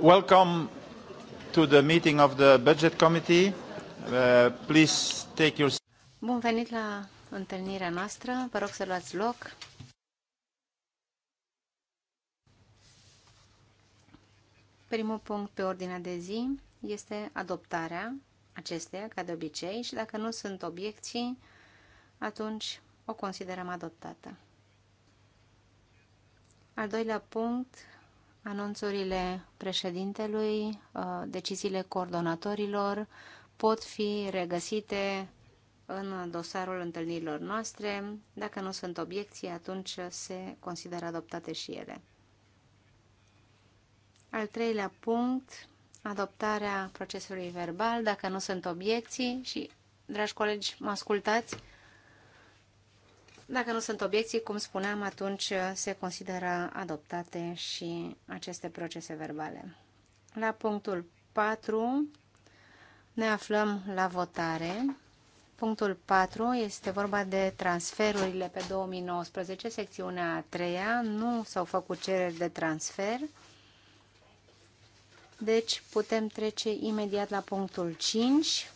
Welcome to the meeting of the Budget Committee. Uh, please take your... Bun venit la întâlnirea noastră. Vă rog să luați loc. Primul punct pe ordinea de zi este adoptarea acesteia, ca de obicei, și dacă nu sunt obiecții, atunci o considerăm adoptată. Al doilea punct anunțurile președintelui, uh, deciziile coordonatorilor pot fi regăsite în dosarul întâlnirilor noastre. Dacă nu sunt obiecții, atunci se consideră adoptate și ele. Al treilea punct, adoptarea procesului verbal, dacă nu sunt obiecții și, dragi colegi, mă ascultați, dacă nu sunt obiecții, cum spuneam, atunci se consideră adoptate și aceste procese verbale. La punctul 4 ne aflăm la votare. Punctul 4 este vorba de transferurile pe 2019, secțiunea a treia. Nu s-au făcut cereri de transfer. Deci putem trece imediat la punctul 5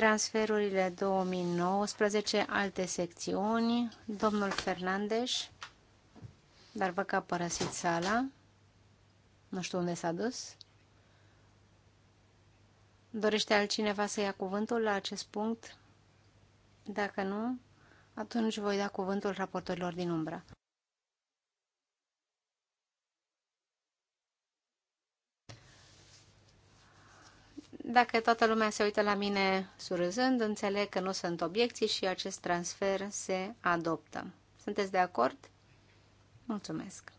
transferurile 2019, alte secțiuni, domnul Fernandes, dar văd că a părăsit sala, nu știu unde s-a dus. Dorește altcineva să ia cuvântul la acest punct? Dacă nu, atunci voi da cuvântul raportorilor din umbră. Dacă toată lumea se uită la mine surâzând, înțeleg că nu sunt obiecții și acest transfer se adoptă. Sunteți de acord? Mulțumesc!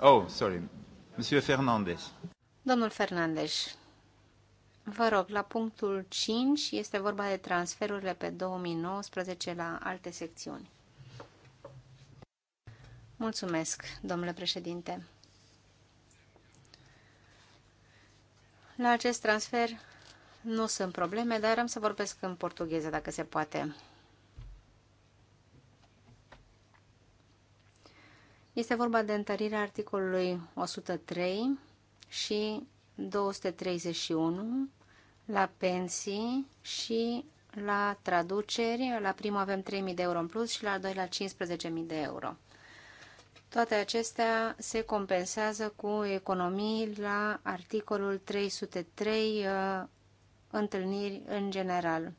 Oh, sorry. Monsieur Fernandez. Domnul Fernandez, vă rog, la punctul 5 este vorba de transferurile pe 2019 la alte secțiuni. Mulțumesc, domnule președinte. La acest transfer nu sunt probleme, dar am să vorbesc în portugheză, dacă se poate. Este vorba de întărirea articolului 103 și 231 la pensii și la traduceri. La primul avem 3.000 de euro în plus și la al doilea 15.000 de euro. Toate acestea se compensează cu economii la articolul 303 uh, întâlniri în general.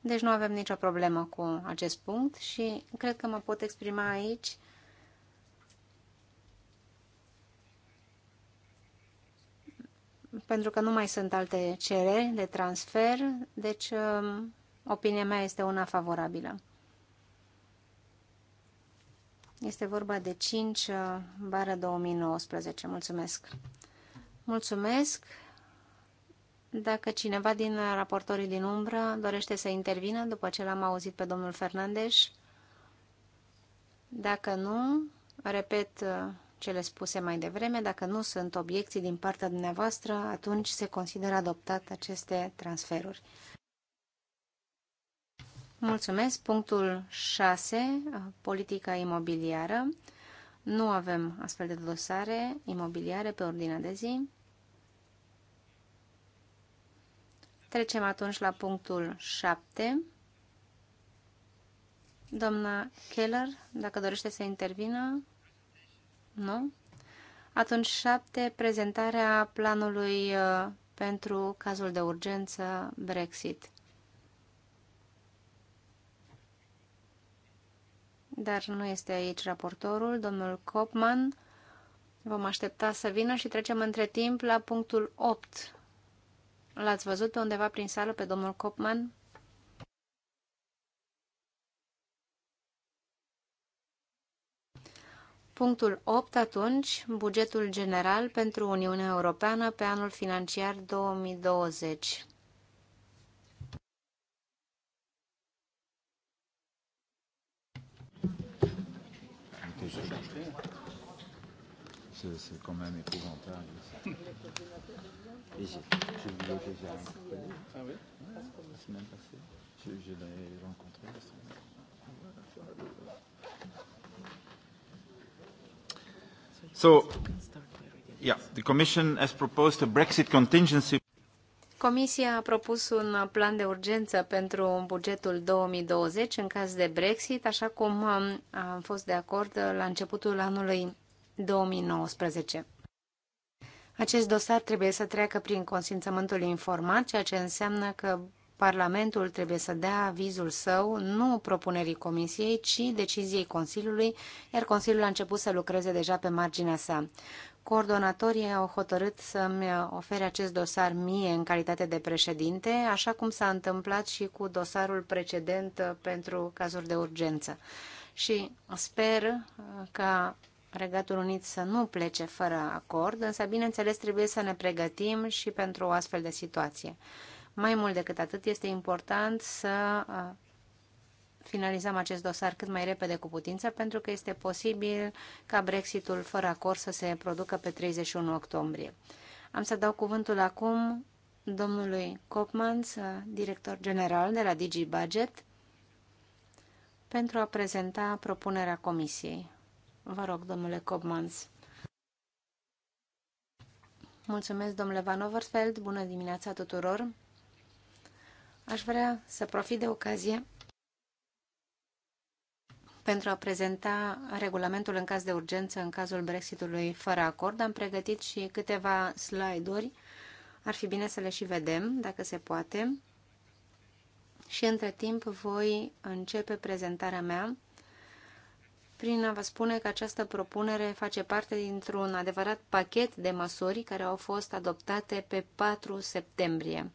Deci nu avem nicio problemă cu acest punct și cred că mă pot exprima aici pentru că nu mai sunt alte cereri de transfer, deci um, opinia mea este una favorabilă. Este vorba de 5 uh, bară 2019. Mulțumesc. Mulțumesc. Dacă cineva din raportorii din umbră dorește să intervină după ce l-am auzit pe domnul Fernandes, dacă nu, repet uh, cele spuse mai devreme, dacă nu sunt obiecții din partea dumneavoastră, atunci se consideră adoptat aceste transferuri. Mulțumesc. Punctul 6, uh, politica imobiliară. Nu avem astfel de dosare imobiliare pe ordinea de zi. Trecem atunci la punctul 7. Doamna Keller, dacă dorește să intervină, nu? Atunci 7, prezentarea planului uh, pentru cazul de urgență Brexit. dar nu este aici raportorul, domnul Copman. Vom aștepta să vină și trecem între timp la punctul 8. L-ați văzut pe undeva prin sală pe domnul Copman? Punctul 8 atunci, bugetul general pentru Uniunea Europeană pe anul financiar 2020. C'est quand même épouvantable. déjà Ah oui ouais, La semaine passée. Je, je l'ai rencontré So, yeah, the Commission has proposed a Brexit contingency. Comisia a propus un plan de urgență pentru bugetul 2020 în caz de Brexit, așa cum am fost de acord la începutul anului 2019. Acest dosar trebuie să treacă prin consimțământul informat, ceea ce înseamnă că Parlamentul trebuie să dea avizul său nu propunerii Comisiei, ci deciziei Consiliului, iar Consiliul a început să lucreze deja pe marginea sa. Coordonatorii au hotărât să-mi ofere acest dosar mie în calitate de președinte, așa cum s-a întâmplat și cu dosarul precedent pentru cazuri de urgență. Și sper ca Regatul Unit să nu plece fără acord, însă, bineînțeles, trebuie să ne pregătim și pentru o astfel de situație. Mai mult decât atât, este important să finalizăm acest dosar cât mai repede cu putință, pentru că este posibil ca Brexitul fără acord să se producă pe 31 octombrie. Am să dau cuvântul acum domnului Copmans, director general de la DigiBudget, pentru a prezenta propunerea comisiei. Vă rog, domnule Cobmans. Mulțumesc, domnule Van Overfeld. Bună dimineața tuturor. Aș vrea să profit de ocazie pentru a prezenta regulamentul în caz de urgență în cazul Brexitului fără acord. Am pregătit și câteva slide-uri. Ar fi bine să le și vedem, dacă se poate. Și între timp voi începe prezentarea mea prin a vă spune că această propunere face parte dintr-un adevărat pachet de măsuri care au fost adoptate pe 4 septembrie.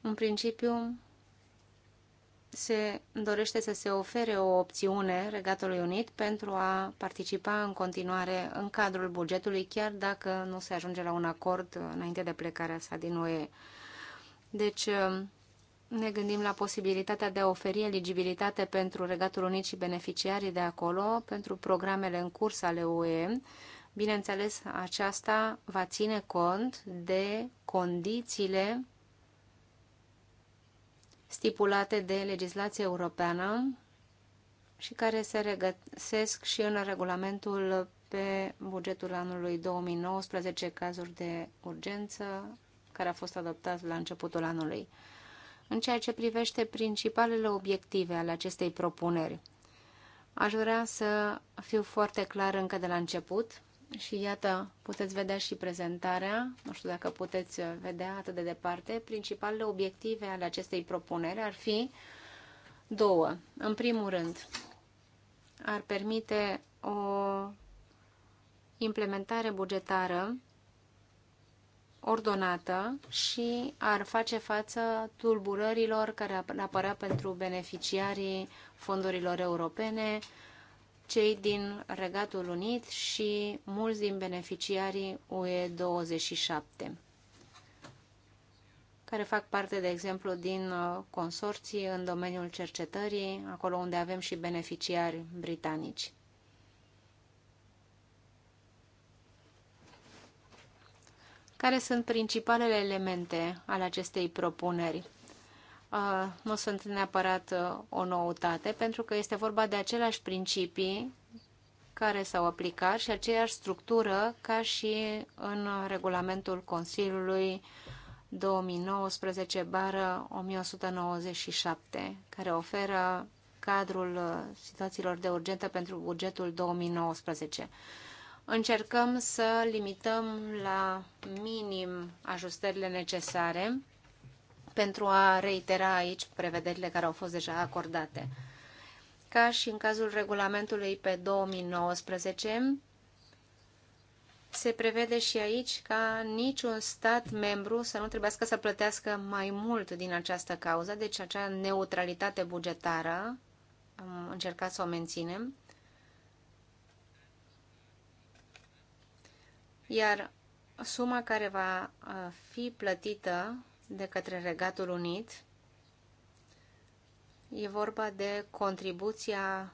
În principiu, se dorește să se ofere o opțiune Regatului Unit pentru a participa în continuare în cadrul bugetului, chiar dacă nu se ajunge la un acord înainte de plecarea sa din UE. Deci, ne gândim la posibilitatea de a oferi eligibilitate pentru Regatul Unit și beneficiarii de acolo, pentru programele în curs ale UE. Bineînțeles, aceasta va ține cont de condițiile stipulate de legislație europeană și care se regăsesc și în regulamentul pe bugetul anului 2019, cazuri de urgență, care a fost adoptat la începutul anului în ceea ce privește principalele obiective ale acestei propuneri. Aș vrea să fiu foarte clar încă de la început și iată, puteți vedea și prezentarea, nu știu dacă puteți vedea atât de departe, principalele obiective ale acestei propuneri ar fi două. În primul rând, ar permite o implementare bugetară ordonată și ar face față tulburărilor care ar apărea pentru beneficiarii fondurilor europene, cei din Regatul Unit și mulți din beneficiarii UE27, care fac parte, de exemplu, din uh, consorții în domeniul cercetării, acolo unde avem și beneficiari britanici. Care sunt principalele elemente ale acestei propuneri? Uh, nu sunt neapărat uh, o noutate, pentru că este vorba de aceleași principii care s-au aplicat și aceeași structură ca și în regulamentul Consiliului 2019 bară 1197, care oferă cadrul uh, situațiilor de urgentă pentru bugetul 2019. Încercăm să limităm la minim ajustările necesare pentru a reitera aici prevederile care au fost deja acordate. Ca și în cazul regulamentului pe 2019, se prevede și aici ca niciun stat membru să nu trebuiască să plătească mai mult din această cauză, deci acea neutralitate bugetară am încercat să o menținem. iar suma care va uh, fi plătită de către Regatul Unit e vorba de contribuția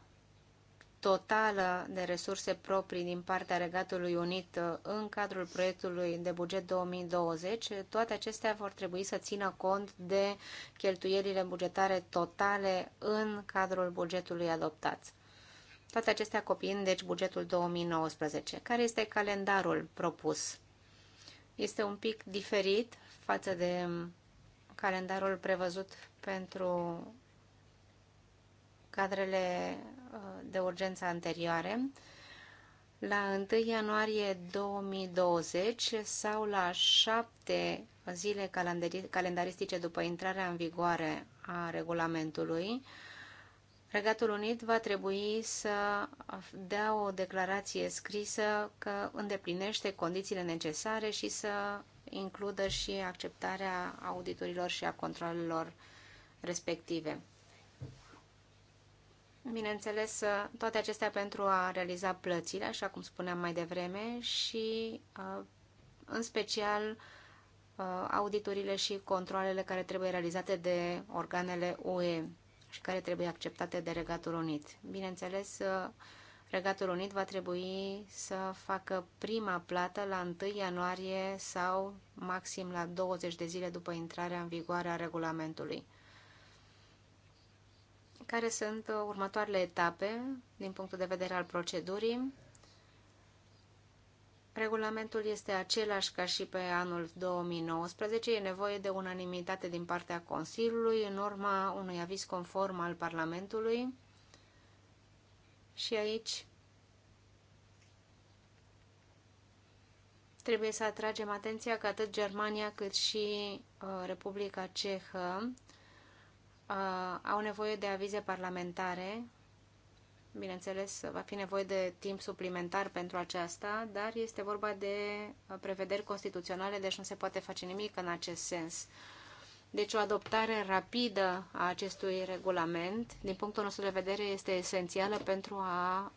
totală de resurse proprii din partea Regatului Unit uh, în cadrul proiectului de buget 2020, toate acestea vor trebui să țină cont de cheltuielile bugetare totale în cadrul bugetului adoptat. Toate acestea copiind, deci, bugetul 2019. Care este calendarul propus? Este un pic diferit față de calendarul prevăzut pentru cadrele uh, de urgență anterioare. La 1 ianuarie 2020 sau la 7 zile calendaristice după intrarea în vigoare a regulamentului, Regatul Unit va trebui să dea o declarație scrisă că îndeplinește condițiile necesare și să includă și acceptarea auditorilor și a controlelor respective. Bineînțeles, toate acestea pentru a realiza plățile, așa cum spuneam mai devreme, și uh, în special uh, auditorile și controlele care trebuie realizate de organele UE și care trebuie acceptate de Regatul Unit. Bineînțeles, uh, Regatul Unit va trebui să facă prima plată la 1 ianuarie sau maxim la 20 de zile după intrarea în vigoare a regulamentului. Care sunt uh, următoarele etape din punctul de vedere al procedurii? Regulamentul este același ca și pe anul 2019. E nevoie de unanimitate din partea Consiliului în urma unui aviz conform al Parlamentului. Și aici trebuie să atragem atenția că atât Germania cât și uh, Republica Cehă uh, au nevoie de avize parlamentare Bineînțeles, va fi nevoie de timp suplimentar pentru aceasta, dar este vorba de prevederi constituționale, deci nu se poate face nimic în acest sens. Deci o adoptare rapidă a acestui regulament, din punctul nostru de vedere, este esențială pentru a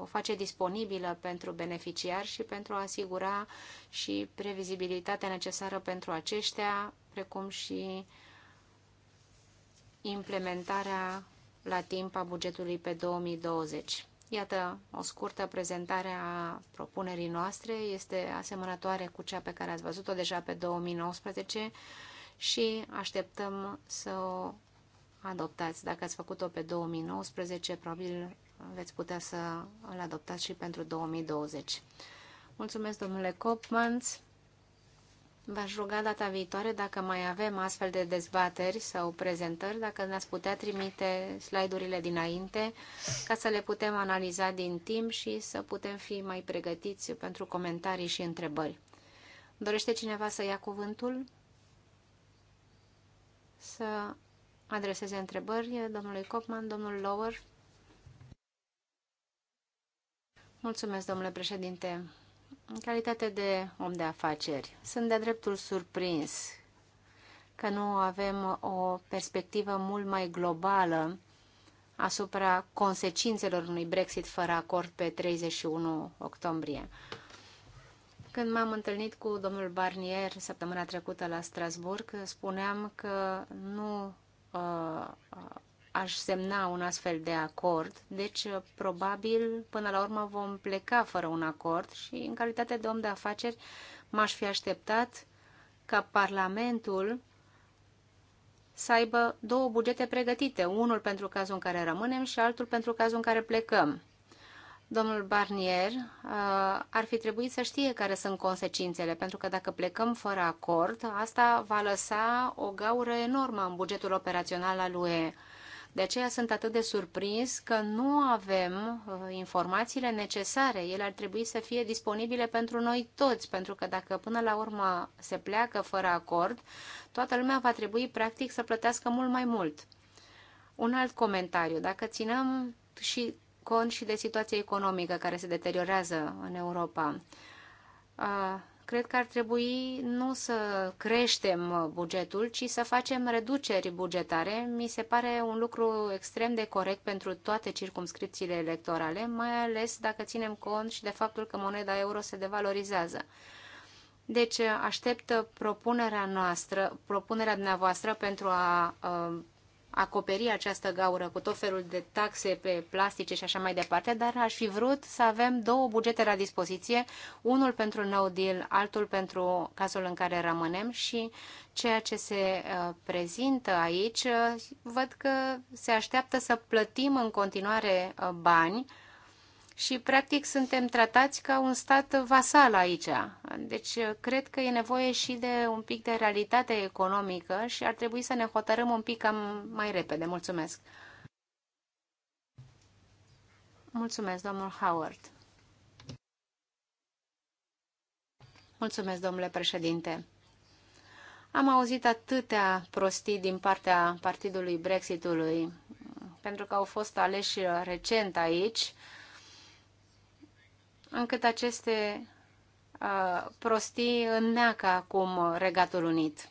o face disponibilă pentru beneficiari și pentru a asigura și previzibilitatea necesară pentru aceștia, precum și implementarea la timp a bugetului pe 2020. Iată o scurtă prezentare a propunerii noastre, este asemănătoare cu cea pe care ați văzut-o deja pe 2019 și așteptăm să o adoptați. Dacă ați făcut-o pe 2019, probabil veți putea să îl adoptați și pentru 2020. Mulțumesc, domnule Copmans. V-aș ruga data viitoare, dacă mai avem astfel de dezbateri sau prezentări, dacă ne-ați putea trimite slide-urile dinainte, ca să le putem analiza din timp și să putem fi mai pregătiți pentru comentarii și întrebări. Dorește cineva să ia cuvântul? Să adreseze întrebări domnului Copman, domnul Lower. Mulțumesc, domnule președinte în calitate de om de afaceri, sunt de-a dreptul surprins că nu avem o perspectivă mult mai globală asupra consecințelor unui Brexit fără acord pe 31 octombrie. Când m-am întâlnit cu domnul Barnier săptămâna trecută la Strasburg, spuneam că nu uh, aș semna un astfel de acord, deci uh, probabil până la urmă vom pleca fără un acord și în calitate de om de afaceri m-aș fi așteptat ca Parlamentul să aibă două bugete pregătite, unul pentru cazul în care rămânem și altul pentru cazul în care plecăm. Domnul Barnier uh, ar fi trebuit să știe care sunt consecințele, pentru că dacă plecăm fără acord, asta va lăsa o gaură enormă în bugetul operațional al UE de aceea sunt atât de surprins că nu avem uh, informațiile necesare. Ele ar trebui să fie disponibile pentru noi toți, pentru că dacă până la urmă se pleacă fără acord, toată lumea va trebui practic să plătească mult mai mult. Un alt comentariu. Dacă ținem și cont și de situația economică care se deteriorează în Europa, uh, cred că ar trebui nu să creștem bugetul, ci să facem reduceri bugetare. Mi se pare un lucru extrem de corect pentru toate circumscripțiile electorale, mai ales dacă ținem cont și de faptul că moneda euro se devalorizează. deci aștept propunerea noastră, propunerea dumneavoastră pentru a uh, acoperi această gaură cu tot felul de taxe pe plastice și așa mai departe, dar aș fi vrut să avem două bugete la dispoziție, unul pentru no deal, altul pentru cazul în care rămânem și ceea ce se uh, prezintă aici, uh, văd că se așteaptă să plătim în continuare uh, bani și practic suntem tratați ca un stat vasal aici. Deci cred că e nevoie și de un pic de realitate economică și ar trebui să ne hotărâm un pic cam mai repede. Mulțumesc. Mulțumesc, domnul Howard. Mulțumesc, domnule președinte. Am auzit atâtea prostii din partea partidului Brexitului, pentru că au fost aleși recent aici încât aceste uh, prostii înneacă acum Regatul Unit.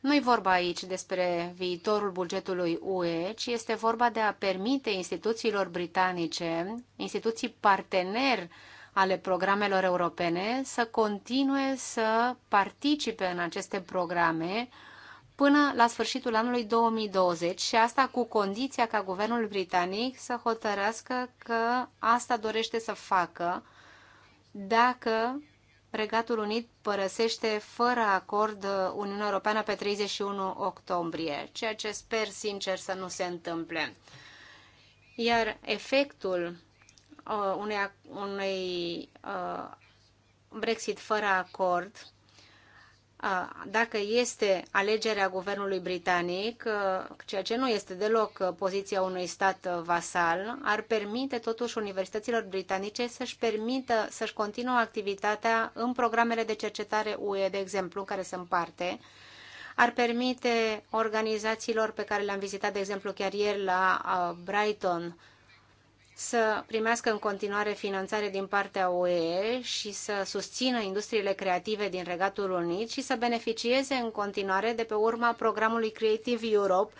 Nu e vorba aici despre viitorul bugetului UE, ci este vorba de a permite instituțiilor britanice, instituții partener ale programelor europene, să continue să participe în aceste programe până la sfârșitul anului 2020 și asta cu condiția ca guvernul britanic să hotărească că asta dorește să facă dacă Regatul Unit părăsește fără acord Uniunea Europeană pe 31 octombrie, ceea ce sper sincer să nu se întâmple. Iar efectul uh, unei, unei uh, Brexit fără acord dacă este alegerea guvernului britanic, ceea ce nu este deloc poziția unui stat vasal, ar permite totuși universităților britanice să-și permită să-și continuă activitatea în programele de cercetare UE, de exemplu, în care sunt parte, ar permite organizațiilor pe care le-am vizitat, de exemplu, chiar ieri la Brighton, să primească în continuare finanțare din partea UE și să susțină industriile creative din Regatul Unit și să beneficieze în continuare de pe urma programului Creative Europe,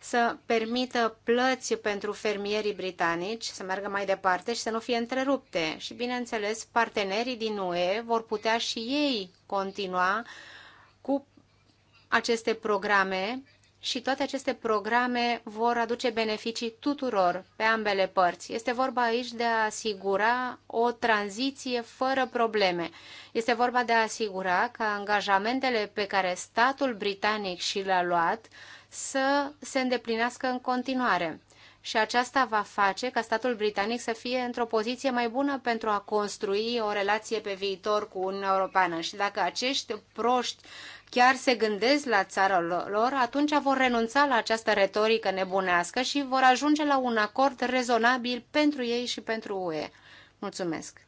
să permită plăți pentru fermierii britanici să meargă mai departe și să nu fie întrerupte. Și, bineînțeles, partenerii din UE vor putea și ei continua cu aceste programe și toate aceste programe vor aduce beneficii tuturor pe ambele părți. Este vorba aici de a asigura o tranziție fără probleme. Este vorba de a asigura că angajamentele pe care statul britanic și le-a luat să se îndeplinească în continuare. Și aceasta va face ca statul britanic să fie într-o poziție mai bună pentru a construi o relație pe viitor cu Uniunea Europeană. Și dacă acești proști chiar se gândesc la țara lor, atunci vor renunța la această retorică nebunească și vor ajunge la un acord rezonabil pentru ei și pentru UE. Mulțumesc!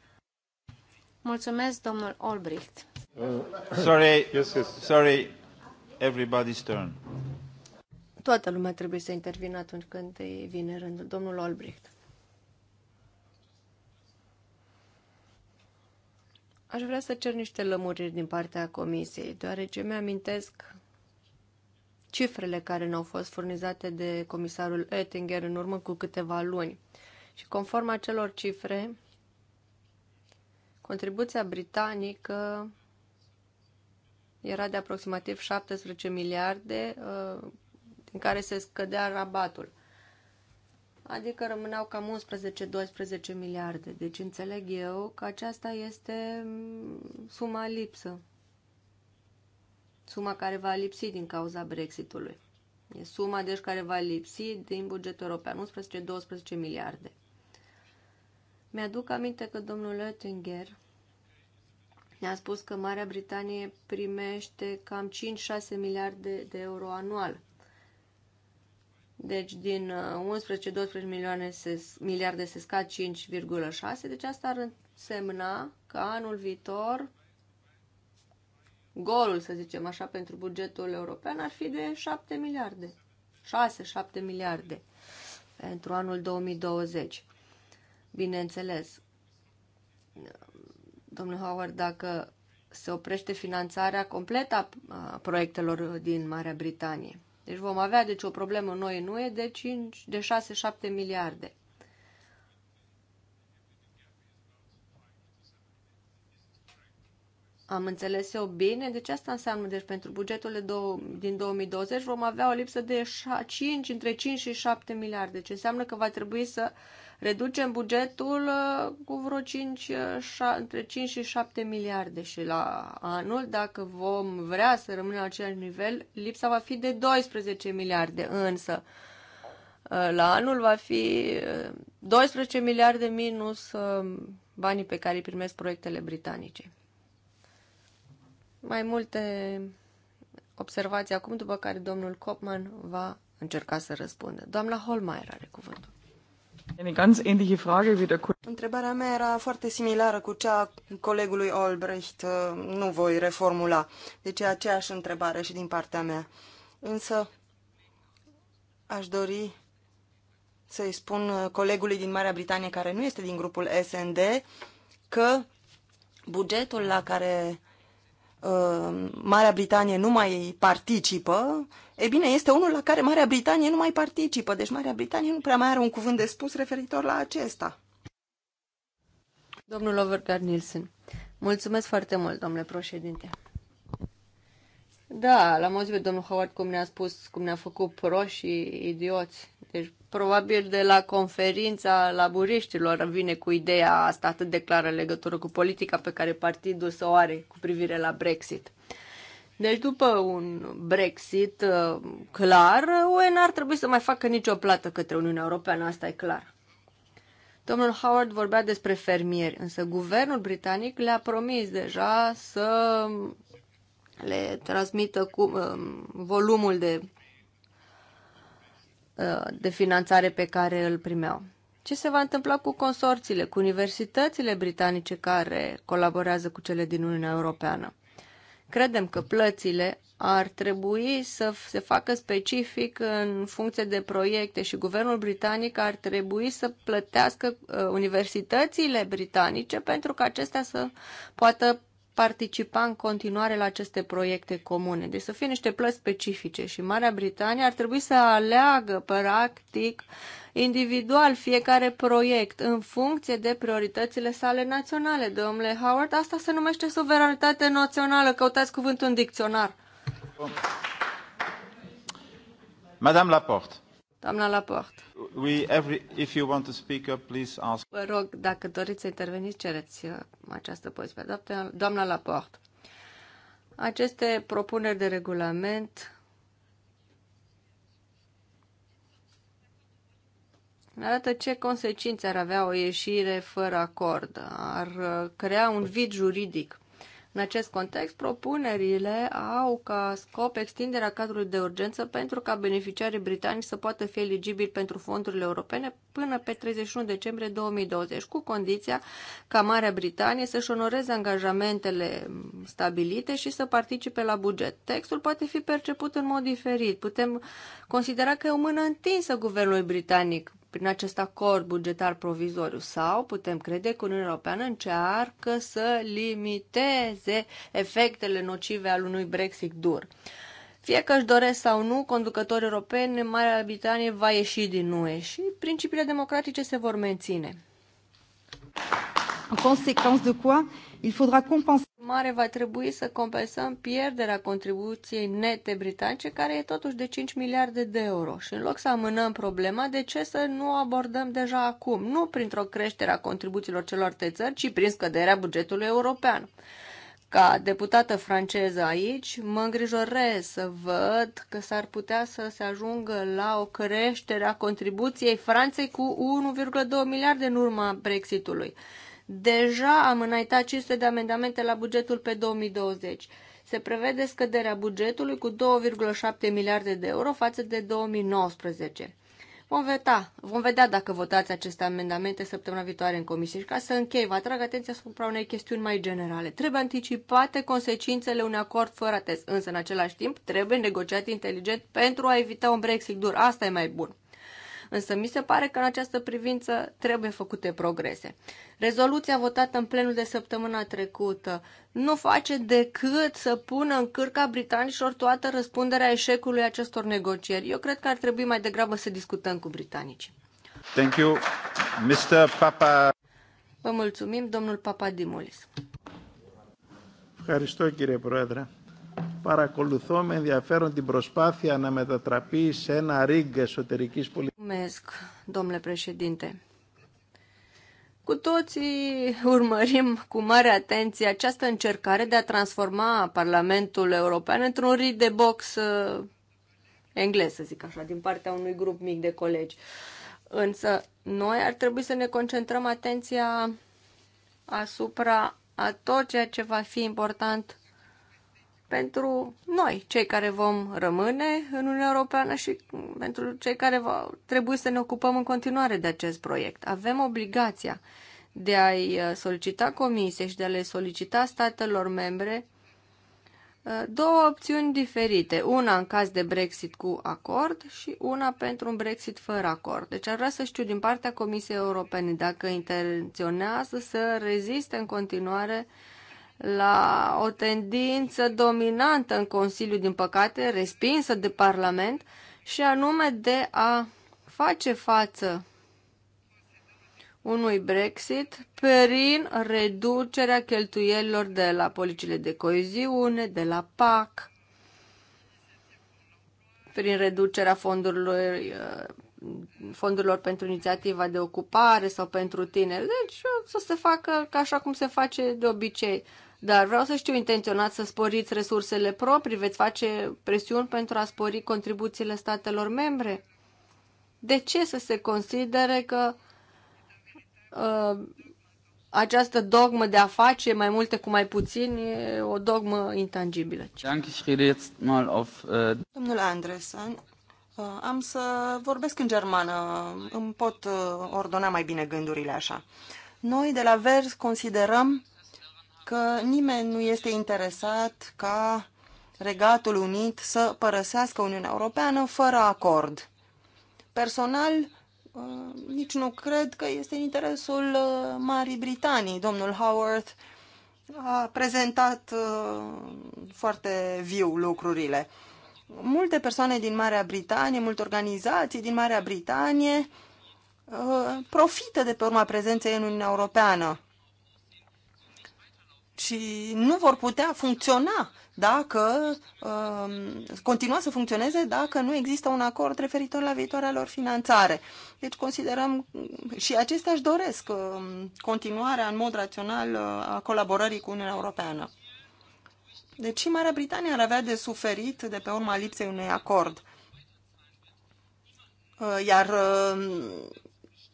Mulțumesc, domnul Olbricht. sorry, yes, yes. sorry, everybody's turn. Toată lumea trebuie să intervină atunci când vine rândul. Domnul Olbricht. Aș vrea să cer niște lămuriri din partea comisiei, deoarece mi-amintesc cifrele care ne-au fost furnizate de comisarul Oettinger în urmă cu câteva luni. Și conform acelor cifre, contribuția britanică era de aproximativ 17 miliarde, uh, din care se scădea rabatul adică rămâneau cam 11-12 miliarde. Deci înțeleg eu că aceasta este mm, suma lipsă. Suma care va lipsi din cauza Brexitului. E suma deci care va lipsi din bugetul european, 11-12 miliarde. Mi-aduc aminte că domnul Oettinger ne-a spus că Marea Britanie primește cam 5-6 miliarde de euro anual deci din 11-12 uh, milioane se, miliarde se scad 5,6, deci asta ar însemna că anul viitor golul, să zicem așa, pentru bugetul european ar fi de 7 miliarde. 6-7 miliarde pentru anul 2020. Bineînțeles, domnul Howard, dacă se oprește finanțarea completă a proiectelor din Marea Britanie, deci vom avea deci o problemă noi în UE de, 5, de 6-7 miliarde. Am înțeles eu bine? Deci asta înseamnă, deci pentru bugetul de dou- din 2020 vom avea o lipsă de 5, între 5 și 7 miliarde. Deci înseamnă că va trebui să uh, reducem bugetul uh, cu vreo 5, 6, uh, între 5 și 7 miliarde și la anul, dacă vom vrea să rămânem la același nivel, lipsa va fi de 12 miliarde, însă uh, la anul va fi 12 miliarde minus banii pe care îi primesc proiectele britanice. Mai multe observații acum, după care domnul Copman va încerca să răspundă. Doamna Holmeier are cuvântul. Întrebarea mea era foarte similară cu cea a colegului Olbrecht. Uh, nu voi reformula. Deci e aceeași întrebare și din partea mea. Însă aș dori să-i spun uh, colegului din Marea Britanie care nu este din grupul SND că bugetul la care Uh, Marea Britanie nu mai participă, e bine, este unul la care Marea Britanie nu mai participă, deci Marea Britanie nu prea mai are un cuvânt de spus referitor la acesta. Domnul Overgard Nielsen, mulțumesc foarte mult, domnule președinte. Da, la am domnul Howard cum ne-a spus, cum ne-a făcut proști și idioți. Deci Probabil de la conferința laburiștilor vine cu ideea asta atât de clară legătură cu politica pe care partidul să o are cu privire la Brexit. Deci după un Brexit uh, clar, UE n-ar trebui să mai facă nicio plată către Uniunea Europeană, asta e clar. Domnul Howard vorbea despre fermieri, însă guvernul britanic le-a promis deja să le transmită cu, um, volumul de Uh, de finanțare pe care îl primeau. Ce se va întâmpla cu consorțiile, cu universitățile britanice care colaborează cu cele din Uniunea Europeană? Credem că plățile ar trebui să se facă specific în funcție de proiecte și guvernul britanic ar trebui să plătească uh, universitățile britanice pentru că acestea să poată participa în continuare la aceste proiecte comune. Deci să fie niște plăți specifice și Marea Britanie ar trebui să aleagă, practic, individual fiecare proiect în funcție de prioritățile sale naționale. Domnule Howard, asta se numește suveranitate națională. Căutați cuvântul în dicționar. Madame Laporte. Doamna Laporte. We every, if you want to speak up, please ask. Vă rog, dacă doriți să interveniți, cereți uh, această poziție. Doamna Laporte. Aceste propuneri de regulament ne arată ce consecințe ar avea o ieșire fără acord. Ar uh, crea un vid juridic în acest context, propunerile au ca scop extinderea cadrului de urgență pentru ca beneficiarii britanici să poată fi eligibili pentru fondurile europene până pe 31 decembrie 2020, cu condiția ca Marea Britanie să-și onoreze angajamentele stabilite și să participe la buget. Textul poate fi perceput în mod diferit. Putem considera că e o mână întinsă guvernului britanic prin acest acord bugetar provizoriu sau putem crede că Uniunea Europeană încearcă să limiteze efectele nocive al unui Brexit dur. Fie că își doresc sau nu, conducătorii europeni, Marea Britanie va ieși din UE și principiile democratice se vor menține. În consecință de quoi? Il faudra compenser. Mare va trebui să compensăm pierderea contribuției nete britanice, care e totuși de 5 miliarde de euro. Și în loc să amânăm problema, de ce să nu abordăm deja acum? Nu printr-o creștere a contribuțiilor celor țări, ci prin scăderea bugetului european. Ca deputată franceză aici, mă îngrijorez să văd că s-ar putea să se ajungă la o creștere a contribuției Franței cu 1,2 miliarde în urma Brexitului. Deja am înaintat 500 de amendamente la bugetul pe 2020. Se prevede scăderea bugetului cu 2,7 miliarde de euro față de 2019. Vom vedea, vom vedea dacă votați aceste amendamente săptămâna viitoare în comisie. Și ca să închei, vă atrag atenția asupra unei chestiuni mai generale. Trebuie anticipate consecințele unui acord fără test, însă în același timp trebuie negociat inteligent pentru a evita un Brexit dur. Asta e mai bun. Însă mi se pare că în această privință trebuie făcute progrese. Rezoluția votată în plenul de săptămâna trecută nu face decât să pună în cârca britanicilor toată răspunderea eșecului acestor negocieri. Eu cred că ar trebui mai degrabă să discutăm cu britanicii. Thank you, Mr. Papa. Vă mulțumim, domnul Papadimulis. Ευχαριστώ κύριε Πρόεδρε. Παρακολουθώ με ενδιαφέρον την προσπάθεια να μετατραπεί σε ένα ρίγκ εσωτερικής πολιτικής. Mulțumesc, domnule președinte. Cu toții urmărim cu mare atenție această încercare de a transforma Parlamentul European într-un rig de box eh, englez, să zic așa, din partea unui grup mic de colegi. Însă noi ar trebui să ne concentrăm atenția asupra a tot ceea ce va fi important pentru noi, cei care vom rămâne în Uniunea Europeană și pentru cei care va trebui să ne ocupăm în continuare de acest proiect. Avem obligația de a-i uh, solicita Comisie și de a le solicita statelor membre uh, două opțiuni diferite. Una în caz de Brexit cu acord și una pentru un Brexit fără acord. Deci ar vrea să știu din partea Comisiei Europene dacă intenționează să reziste în continuare uh, la o tendință dominantă în Consiliu, din păcate, respinsă de Parlament, și anume de a face față unui Brexit prin reducerea cheltuielilor de la policiile de coeziune, de la PAC, prin reducerea fondurilor, uh, fondurilor pentru inițiativa de ocupare sau pentru tineri. Deci să se facă ca așa cum se face de obicei. Dar vreau să știu, intenționat să sporiți resursele proprii? Veți face presiuni pentru a spori contribuțiile statelor membre? De ce să se considere că uh, această dogmă de a face mai multe cu mai puțin e o dogmă intangibilă? Äh, Domnul Andresen, uh, am să vorbesc în germană. Îmi pot uh, ordona mai bine gândurile așa. Noi de la Vers considerăm că nimeni nu este interesat ca Regatul Unit să părăsească Uniunea Europeană fără acord. Personal, uh, nici nu cred că este în interesul uh, Marii Britanii. Domnul Howard a prezentat uh, foarte viu lucrurile. Multe persoane din Marea Britanie, multe organizații din Marea Britanie profită de pe urma prezenței în Uniunea Europeană și nu vor putea funcționa dacă uh, continua să funcționeze dacă nu există un acord referitor la viitoarea lor finanțare. Deci considerăm și acestea își doresc uh, continuarea în mod rațional uh, a colaborării cu Uniunea Europeană. Deci și Marea Britanie ar avea de suferit de pe urma lipsei unui acord. Uh, iar um,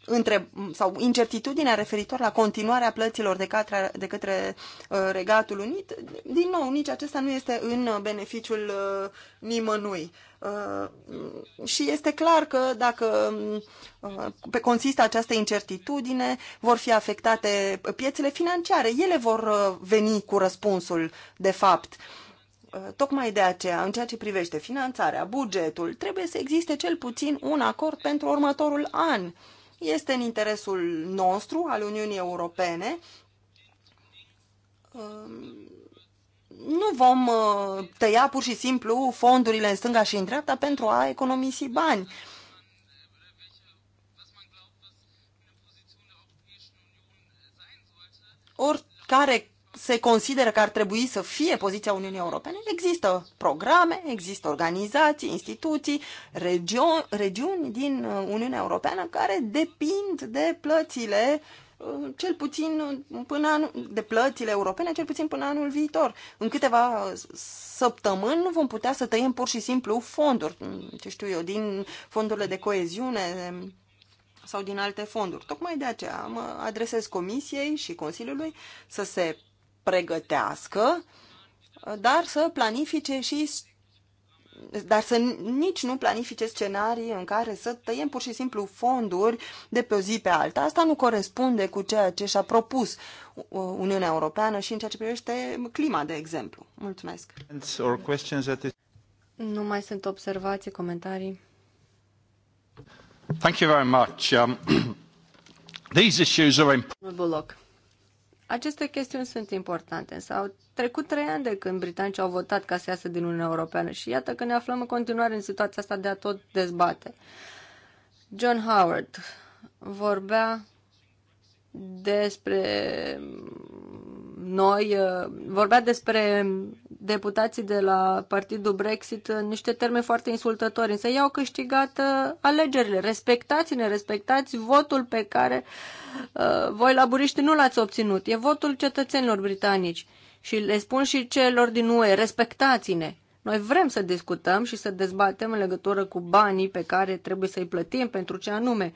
între, sau incertitudinea referitor la continuarea plăților de către, de către uh, Regatul Unit, din nou, nici acesta nu este în beneficiul uh, nimănui. Uh, și este clar că dacă uh, consistă această incertitudine, vor fi afectate piețele financiare. Ele vor uh, veni cu răspunsul, de fapt. Uh, tocmai de aceea, în ceea ce privește finanțarea, bugetul, trebuie să existe cel puțin un acord pentru următorul an. Este în interesul nostru, al Uniunii Europene. Um, nu vom uh, tăia pur și simplu fondurile în stânga și în dreapta pentru a economisi bani. Oricare se consideră că ar trebui să fie poziția Uniunii Europene, există programe, există organizații, instituții, regiuni, regiuni din uh, Uniunea Europeană care depind de plățile uh, cel puțin uh, până anul, de plățile europene, cel puțin până anul viitor. În câteva săptămâni nu vom putea să tăiem pur și simplu fonduri, mm, ce știu eu, din fondurile de coeziune sau din alte fonduri. Tocmai de aceea mă adresez Comisiei și Consiliului să se pregătească, dar să planifice și dar să nici nu planifice scenarii în care să tăiem pur și simplu fonduri de pe o zi pe alta. Asta nu corespunde cu ceea ce și-a propus Uniunea Europeană și în ceea ce privește clima, de exemplu. Mulțumesc. Nu mai sunt observații, comentarii. Thank you very much. Um, these issues are important. Aceste chestiuni sunt importante, însă au trecut trei ani de când britanicii au votat ca să iasă din Uniunea Europeană și iată că ne aflăm în continuare în situația asta de a tot dezbate. John Howard vorbea despre noi, vorbea despre deputații de la partidul Brexit în niște termeni foarte insultători, însă ei au câștigat uh, alegerile. Respectați-ne, respectați votul pe care uh, voi laburiști nu l-ați obținut. E votul cetățenilor britanici. Și le spun și celor din UE, respectați-ne. Noi vrem să discutăm și să dezbatem în legătură cu banii pe care trebuie să-i plătim pentru ce anume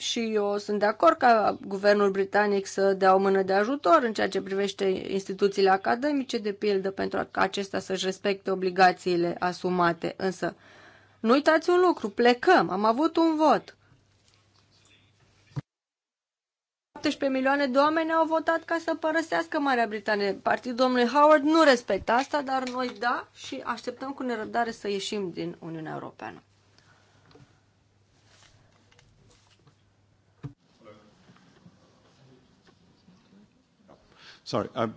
și eu sunt de acord ca guvernul britanic să dea o mână de ajutor în ceea ce privește instituțiile academice, de pildă, pentru ca acestea să-și respecte obligațiile asumate. Însă, nu uitați un lucru, plecăm, am avut un vot. 17 milioane de oameni au votat ca să părăsească Marea Britanie. Partidul domnului Howard nu respectă asta, dar noi da și așteptăm cu nerăbdare să ieșim din Uniunea Europeană. Sorry, I'm,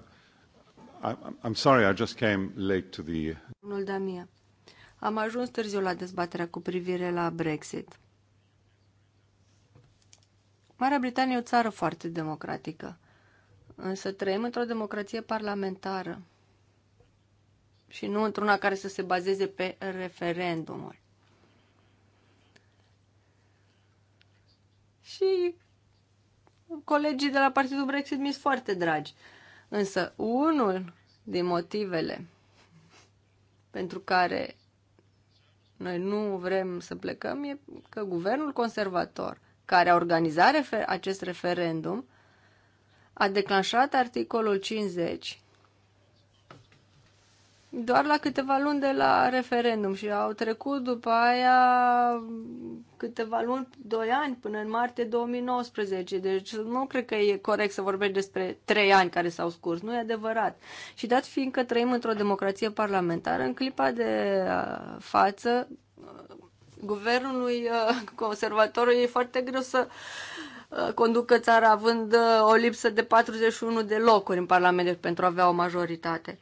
I'm, sorry, I just came late to the... Domnul Damia, am ajuns târziu la dezbaterea cu privire la Brexit. Marea Britanie e o țară foarte democratică, însă trăim într-o democrație parlamentară și nu într-una care să se bazeze pe referendumuri. Și colegii de la Partidul Brexit mi s foarte dragi. Uh, Însă unul din motivele pentru care noi nu vrem să plecăm e că guvernul conservator care a organizat refer- acest referendum a declanșat articolul 50 doar la câteva luni de la referendum și au trecut după aia câteva luni, doi ani, până în martie 2019. Deci nu cred că e corect să vorbești despre trei ani care s-au scurs. Nu e adevărat. Și dat fiindcă trăim într-o democrație parlamentară, în clipa de uh, față, uh, guvernului uh, conservator e foarte greu să conducă țara având o lipsă de 41 de locuri în Parlament pentru a avea o majoritate.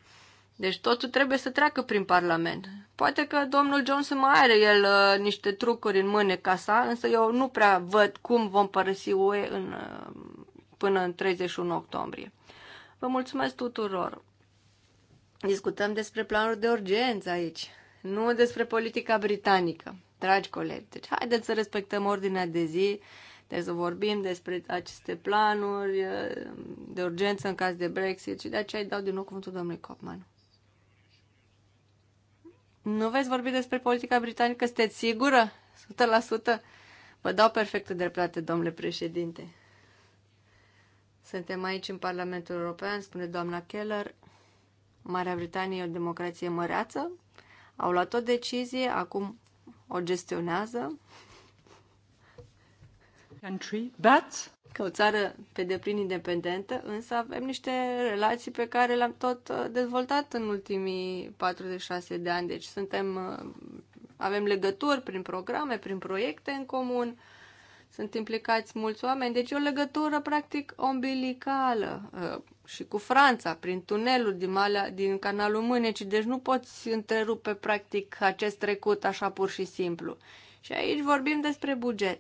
Deci totul trebuie să treacă prin Parlament. Poate că domnul Johnson mai are el uh, niște trucuri în mâneca sa, însă eu nu prea văd cum vom părăsi UE în, uh, până în 31 octombrie. Vă mulțumesc tuturor! Discutăm despre planuri de urgență aici, nu despre politica britanică, dragi colegi. Deci haideți să respectăm ordinea de zi, deci să vorbim despre aceste planuri uh, de urgență în caz de Brexit și de aceea îi dau din nou cuvântul domnului Copman. Nu veți vorbi despre politica britanică? Sunteți sigură? 100%? Vă dau perfectă dreptate, domnule președinte. Suntem aici în Parlamentul European, spune doamna Keller. Marea Britanie e o democrație măreață. Au luat o decizie, acum o gestionează. Country, but ca o țară pe deplin independentă, însă avem niște relații pe care le-am tot uh, dezvoltat în ultimii 46 de ani. Deci suntem, uh, avem legături prin programe, prin proiecte în comun, sunt implicați mulți oameni, deci e o legătură practic ombilicală uh, și cu Franța, prin tunelul din, Malea, din canalul Mânecii, deci nu poți întrerupe practic acest trecut așa pur și simplu. Și aici vorbim despre buget.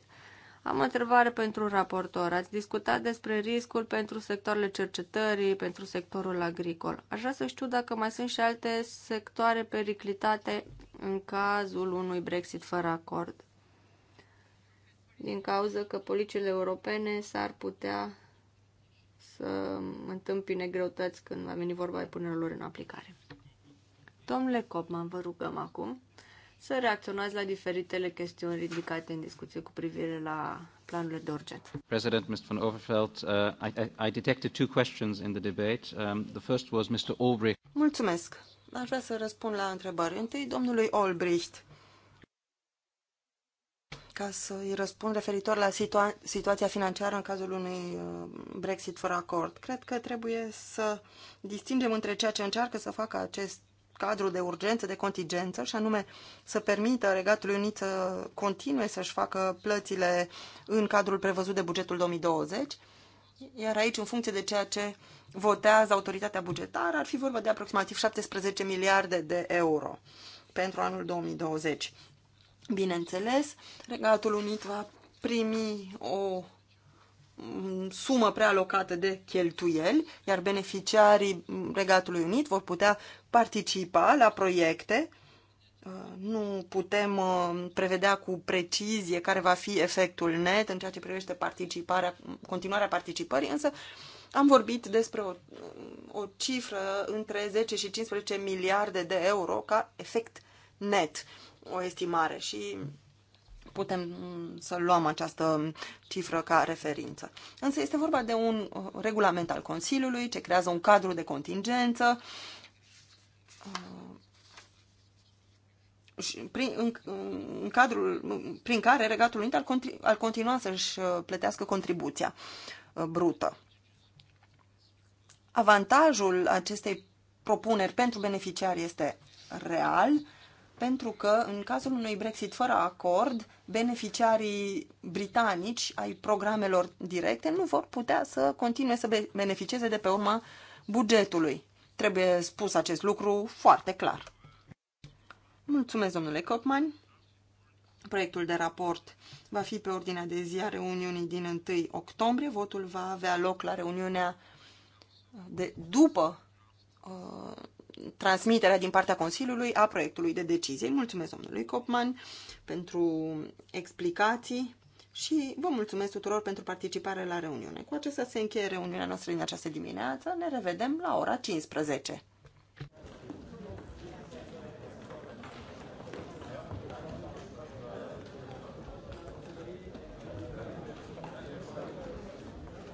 Am o întrebare pentru raportor. Ați discutat despre riscul pentru sectoarele cercetării, pentru sectorul agricol. Aș vrea să știu dacă mai sunt și alte sectoare periclitate în cazul unui Brexit fără acord. Din cauza că politicile europene s-ar putea să întâmpine greutăți când va veni vorba de punerea lor în aplicare. Domnule Copman, vă rugăm acum să reacționați la diferitele chestiuni ridicate în discuție cu privire la planurile de urgență. President, Mr. van Overveld, uh, I, I, I detected two questions in the debate. Um, the first was Mr. Albrecht. Mulțumesc. Aș vrea să răspund la întrebări. Întâi, domnului Albrecht, ca să îi răspund referitor la situa- situația financiară în cazul unui uh, Brexit fără acord. Cred că trebuie să distingem între ceea ce încearcă să facă acest cadru de urgență, de contingență, și anume să permită Regatului Unit să continue să-și facă plățile în cadrul prevăzut de bugetul 2020, iar aici, în funcție de ceea ce votează autoritatea bugetară, ar fi vorba de aproximativ 17 miliarde de euro pentru anul 2020. Bineînțeles, Regatul Unit va primi o mm, sumă prealocată de cheltuieli, iar beneficiarii Regatului Unit vor putea participa la proiecte. Uh, nu putem uh, prevedea cu precizie care va fi efectul net în ceea ce privește participarea, continuarea participării, însă am vorbit despre o, uh, o cifră între 10 și 15 miliarde de euro ca efect net, o estimare și putem mm, să luăm această cifră ca referință. Însă este vorba de un regulament al Consiliului ce creează un cadru de contingență Uh, prin, în, în cadrul, prin care Regatul Unit ar, continu, ar continua să-și uh, plătească contribuția uh, brută. Avantajul acestei propuneri pentru beneficiari este real, pentru că în cazul unui Brexit fără acord, beneficiarii britanici ai programelor directe nu vor putea să continue să beneficieze de pe urma bugetului. Trebuie spus acest lucru foarte clar. Mulțumesc, domnule Copman. Proiectul de raport va fi pe ordinea de zi a reuniunii din 1 octombrie. Votul va avea loc la reuniunea de, după uh, transmiterea din partea Consiliului a proiectului de decizie. Mulțumesc domnului Copman pentru explicații și vă mulțumesc tuturor pentru participare la reuniune. Cu acesta se încheie reuniunea noastră din această dimineață. Ne revedem la ora 15.